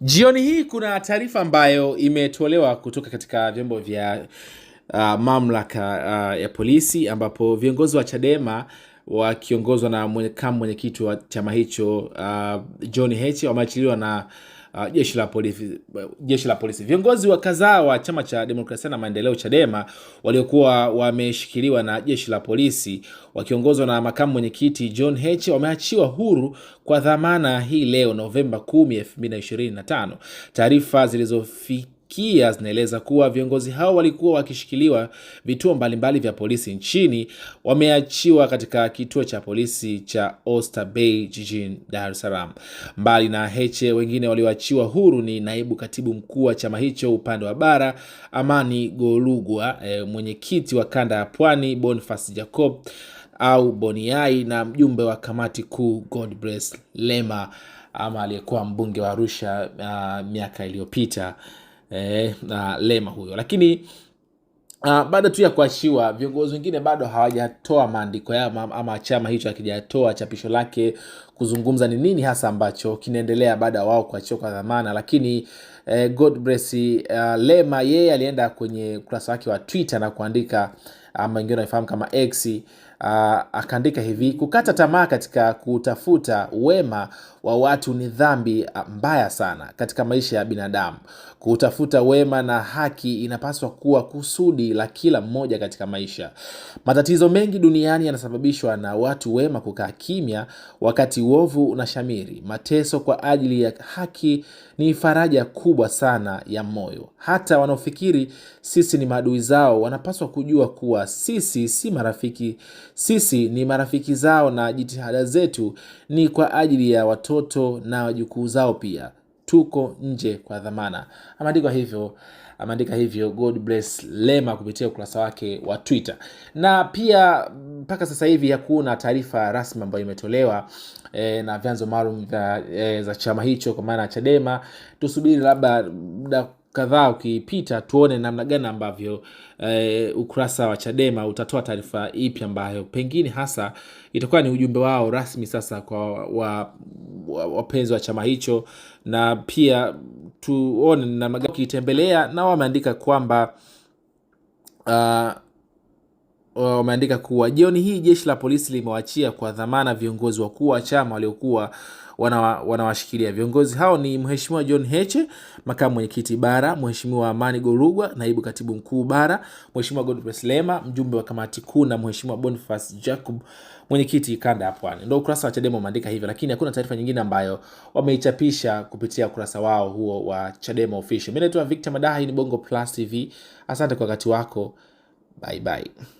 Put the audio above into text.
Jioni hii kuna taarifa ambayo imetolewa kutoka katika vyombo vya uh, mamlaka uh, ya polisi ambapo viongozi wa Chadema wakiongozwa na mwenye, mwenyekiti wa chama hicho uh, John Heche wameachiliwa na uh, jeshi la polisi, jeshi la polisi. Viongozi wa kadhaa wa chama cha demokrasia na maendeleo Chadema waliokuwa wameshikiliwa na jeshi la polisi wakiongozwa na makamu mwenyekiti John Heche wameachiwa huru kwa dhamana hii leo Novemba 10, 2025. Taarifa zilizofika kia zinaeleza kuwa viongozi hao walikuwa wakishikiliwa vituo mbalimbali vya polisi nchini, wameachiwa katika kituo cha polisi cha Oyster Bay jijini Dar es Salaam. Mbali na Heche, wengine walioachiwa huru ni naibu katibu mkuu wa chama hicho upande wa bara Amani Golugwa, e, mwenyekiti wa kanda ya Pwani Boniface Jacob au Boniai na mjumbe wa kamati kuu Godbless Lema ama aliyekuwa mbunge wa Arusha ah, miaka iliyopita eh, na Lema huyo, lakini Uh, ah, baada tu ya kuachiwa viongozi wengine bado hawajatoa maandiko yao ama, ama chama hicho hakijatoa chapisho lake kuzungumza ni nini hasa ambacho kinaendelea baada ya wao kuachiwa kwa dhamana, lakini eh, God bless, uh, Lema yeye alienda kwenye ukurasa wake wa Twitter na kuandika ama wengine wanaifahamu kama X uh, akaandika hivi: kukata tamaa katika kutafuta wema wa watu ni dhambi ah, mbaya sana katika maisha ya binadamu. Kutafuta wema na haki inapaswa kuwa kusudi la kila mmoja katika maisha. Matatizo mengi duniani yanasababishwa na watu wema kukaa kimya wakati uovu unashamiri. Mateso kwa ajili ya haki ni faraja kubwa sana ya moyo. Hata wanaofikiri sisi ni maadui zao wanapaswa kujua kuwa sisi si marafiki, sisi ni marafiki zao na jitihada zetu ni kwa ajili ya watoto na wajukuu zao pia tuko nje kwa dhamana. Ameandika hivyo, ameandika hivyo God bless Lema kupitia ukurasa wake wa Twitter. Na pia mpaka sasa hivi hakuna taarifa rasmi ambayo imetolewa e, na vyanzo maalum e, za chama hicho kwa maana ya Chadema. Tusubiri labda muda kadhaa ukipita tuone namna gani ambavyo e, ukurasa wa Chadema utatoa taarifa ipi ambayo pengine hasa itakuwa ni ujumbe wao rasmi sasa kwa wapenzi wa, wa, wa chama hicho, na pia tuone namna gani ukiitembelea, na wameandika kwamba uh, wameandika kuwa jioni hii jeshi la polisi limewachia kwa dhamana viongozi wakuu wa chama waliokuwa wanawashikilia. Wana viongozi hao ni Mheshimiwa John Heche, makamu mwenyekiti bara, Mheshimiwa Amani Gorugwa, naibu katibu mkuu bara, Mheshimiwa Godbless Lema, mjumbe wa kamati kuu, na Mheshimiwa Boniface Jacob, mwenyekiti kanda ya Pwani. Ndio ukurasa wa Chadema umeandika hivyo, lakini hakuna taarifa nyingine ambayo wameichapisha kupitia ukurasa wao huo wa Chadema Official. Mimi naitwa Victor Madaha, hii ni Bongo Plus TV. Asante kwa wakati wako, bye bye.